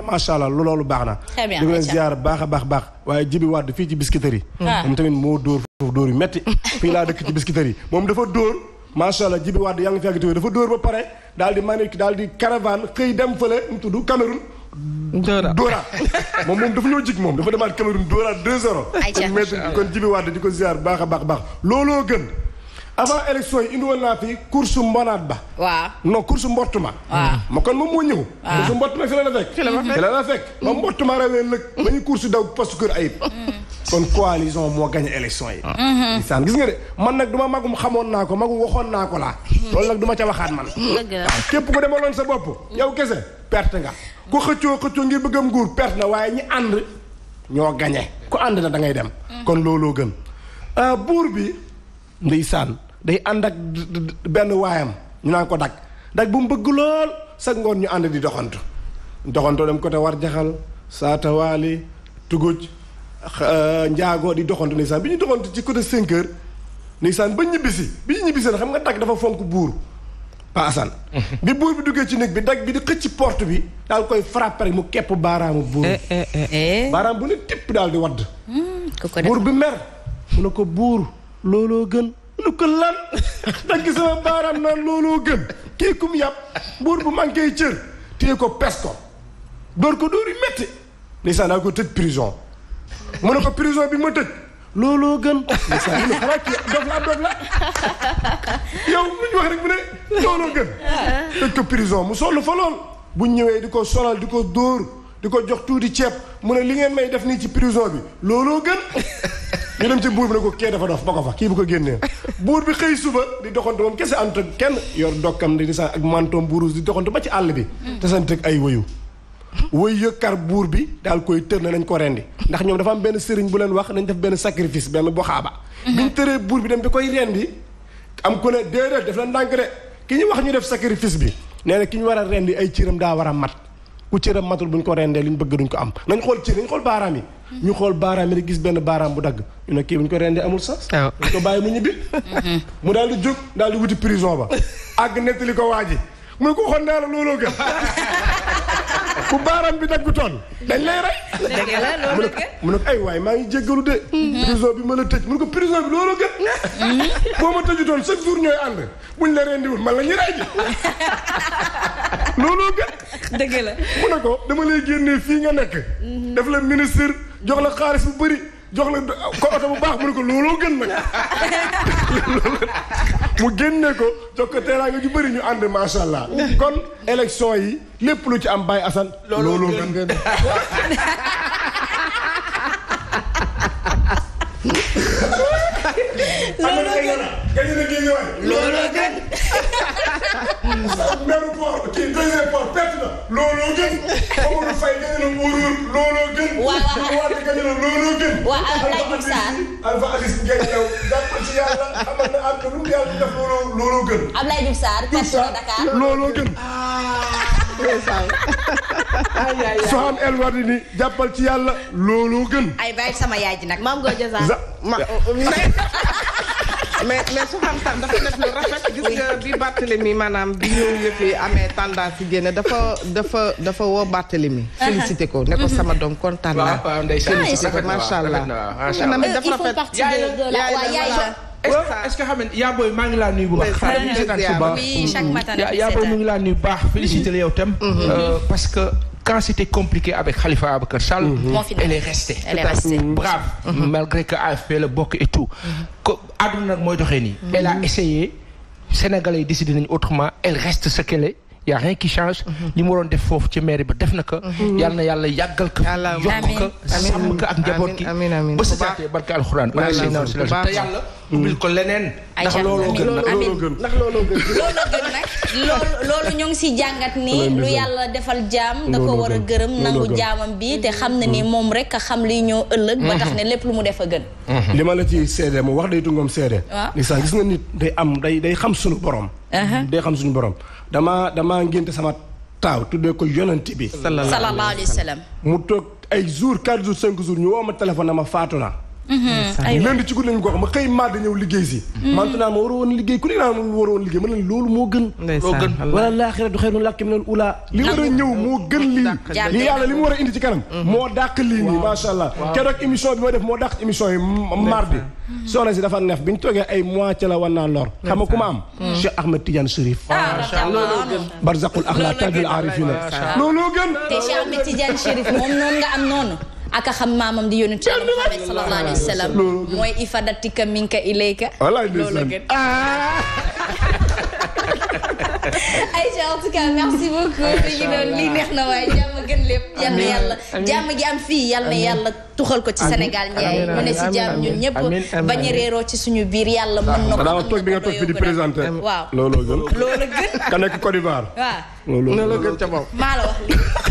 mu loolu baax na. di ko leen ziar baax a baax baax waaye jibi wàdd fii ci biscuiterie yi. Ah. moom tamit moo dóor foofu dóor yu metti fii laa dëkk ci biscuiterie moom dafa dóor macha jibi wàdd yaa ngi fi ak dafa dóor ba pare daal di manik daal di caravane xëy dem fële mu tudd Cameroun. Dóora Dóora moom moom dafa ñoo jig moom dafa demaat Cameroun Dóora 2 euros. ayca kon jibi wàdd di ko ziar baax a baax baax looloo gën avant élection yi indiwoon naa fi course mbonaat ba. waaw non course mbott ma. waaw ma kon ma moo ñëw. waaw course mbott ma fi la la fekk. fi la la fekk fi la la fekk. ba mbott ma rawee lëg. ba ñu course daw poste kër ayib. Mm. kon coalition moo gagné élection yi. isaan ah. mm-hmm. gis nga de man nag duma magum xamoon naa ko magum waxoon naa ko laa. Mm-hmm. loolu nag duma ca waxaat man. dëgg la képp ku demaloon sa bopp. yow kese perte nga. ku xëccoo xëccoo ngir bëggam nguur perte na waaye ñi ànd ñoo gagné. ku ànd na da ngay dem. Mm. kon looloo gën euh, buur bi. ndeysaan day ànd ak benn waayam ñu naan ko dag dag bu mu bëgg lool sa ngoon ñu ànd di doxantu doxantu dem côté war jaxal saatawaali tuguj euh, njaago di doxantu ndeysaan bi ñu doxantu ci côté 5 heures ndeysaan ba ñibbisi bi ñu ñibbisi xam nga dag dafa fonk buur paasan bi buur bi duggee ci néeg bi dagg bi di xëcc porte bi daal koy frappé rek mu kepp baaraamu buur eh, eh, eh, baaraam bu ne tipp daal di wadd hmm, buur bi mer mu ne ko buur looloo gën nu ko lan dagg ma baaraam naan looloo gën kii kum yàpp buur bu manqué cër téye ko pes ko dóor ko dóor yu métti ndeysaan daa ko tëj prison mu ne ko prison bi ma looloo gën ndeysaan mu ne xanaa kii dof la dof la yow lu ñu tëj ko prison mu sonn fa lool bu ñëwee di ko solal di ko dóor di ko jox tuuti ceeb mu ne li ngeen may def nii ci prison bi looloo gën ñu dem ci buur bi ne ko kee dafa dof ba ko fa kii bu ko génnee buur bi xëy suba di doxantu moom kese ànd ak kenn yor dokkam di sa ak mantoom buurus di doxantu ba ci àll bi mm. te sant ak ay wëyu wëy yëkkar buur bi daal koy tër ne nañ ko rendi ndax ñoom dafa am benn sëriñ bu leen wax nañ def benn sacrifice benn boxaaba mm-hmm. biñ tëree bi dem di koy rendi am ku ne déedéet daf leen ndànk de ñu wax ñu def sacrifice bi nee na ki ñu war a rendi ay cëram daa war a mat ku cëram matul buñ ko rendee liñ bëgg duñ ko am nañ xool cër nañ xool baaraam yi ñu xool baaraam yi rek gis benn baaraam bu dagg ñu ne kii bu ñu ko rendee amul sens. waaw ah. ko bàyyi mu ñibbi. Mm-hmm. mu daal di jóg daal di wuti prison ba. àgg nettali ko waa ji muy ko naa looloo gën. ku bi daggutoon dañ lay rey. la mu ne ko ay maa ngi jéggalu de. Mm-hmm. bi ma la tëj mu ne ko prison bi loolu gën. Mm-hmm. boo ma tëjutoon chaque jour la rendiwul man la ñuy rey ji loolu gën. la mu dama lay génnee fii nga nekk. def la ministre. jox la xaalis bu bëri jox la ko oto bu baax mu ne ko looloo gën nag mu génne ko jox ko teraanga ju bëri ñu ànd macha allah. kon élection yi lépp lu ci am Baye Assane. looloo gën gën looloo gën. looloo gën. meru port kii deuxième port perte na looloo gën gën na Mourour looloo gën. waaw waaw waaw gën na looloo gën. ci yàlla amal na ànd lu yàlla def looloo looloo gën. Abdoulaye na Dakar looloo gën. Soham El sama yaay ji nag maam mais mais su xam sax dafa def lu rafet gis nga bi Barthélemy maanaam bi ñu yëf yi amee tendance génne dafa dafa dafa woo Barthélemy. félicité ko ne ko mhm. sama doom kontaan naa. waaw allah. macha allah il maa ngi laa nuyu bu baax. xaaral ñu mu ngi laa nuyu baax félicité la yow tam. Mhm. Euh, parce que. quand c'était compliqué avec Khalifa Abakar Sall. Mhm. elle est restée. elle est restée brave. Mhm. Mhm. malgré que AFP la bokk et tout. ko nag mooy nii. elle a essayé Sénégalais yi décidé nañu autrement elle reste ce qu'elle est. y a rien qui li mu def foofu ci mairie ba def na ko. yal na yàlla yàggal ko. yokk ko sàmm ko ak njaboot gi. amiin amiin amiin bu baax ba sa barke alxuraan. te yàlla. ko leneen. ndax looloo gën nag looloo loolu loolu ñoo ngi si jàngat ni lu yàlla defal jaam. da ko war a gërëm nangu jaamam bi te xam na ni mm. moom rek a xam li ñoo ëllëg. ba tax mm-hmm. ne lépp lu mu def a gën. Mm-hmm. li ma la ci seede mu wax day tungoom seede. waaw li gis nga nit day am day day xam suñu borom. Uh-huh. day xam suñu borom damaa damaa ngénte sama taaw tuddee ko yonanti bi. sallallahu alayhi wa sallam mu toog ay jours quatre jours cinq jours ñu woo ma téléphone ma faatu naa lundi mm-hmm. ci guddi lañu ko wax ma xëy maa da ñëw liggéey si mm-hmm. maintenant ma war a woon liggéey ku ne naa ma war a woon liggéey ma ne loolu moo gën moo gën wala laaxira du xeyrun laka minal ula li war a ñëw moo gën lii lii yàlla li mu war a indi ci kanam mm-hmm. moo dàq lii nii macha allah keroog émission bi ma def moo dàq émission yi mardi soxna si dafa neef bi ñu toogee ay mois ca la wan naa lor xam nga ku ma am Cheikh Ahmed Tidiane Chérif barzaqul axla tajul arifina looloo gën te Cheikh Ahmed Tidiane Chérif moom noonu nga am noonu ak a xam maamam di yónni. kenn du ma sallallahu alayhi wa sallam mooy ifadatika minka ilayka. voilà Aïcha en tout cas merci beaucoup mi ngi doon lii neex na waaye jàmm gën lépp yal na yàlla ko ci Sénégal Ndiaye mu ne si jàmm ñun ñëpp bañ a ci suñu biir yàlla mën ah, na ko di présenté waaw loolu gën ca bopp maa la wax lii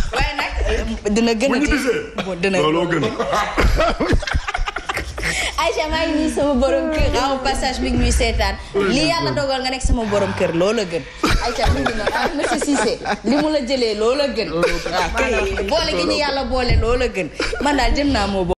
dina gën a di looloo gën Aïcha maa ngi nuyu sama borom kër aw ah, passage mi seetaan lii yàlla dogal a nekk sama borom kër loola gën Aïcha mi ngi noonu ah monsieur Cissé li mu la jëlee loola gën waaw ah, boole gi ñu boole loola gën man daal jëm naa moo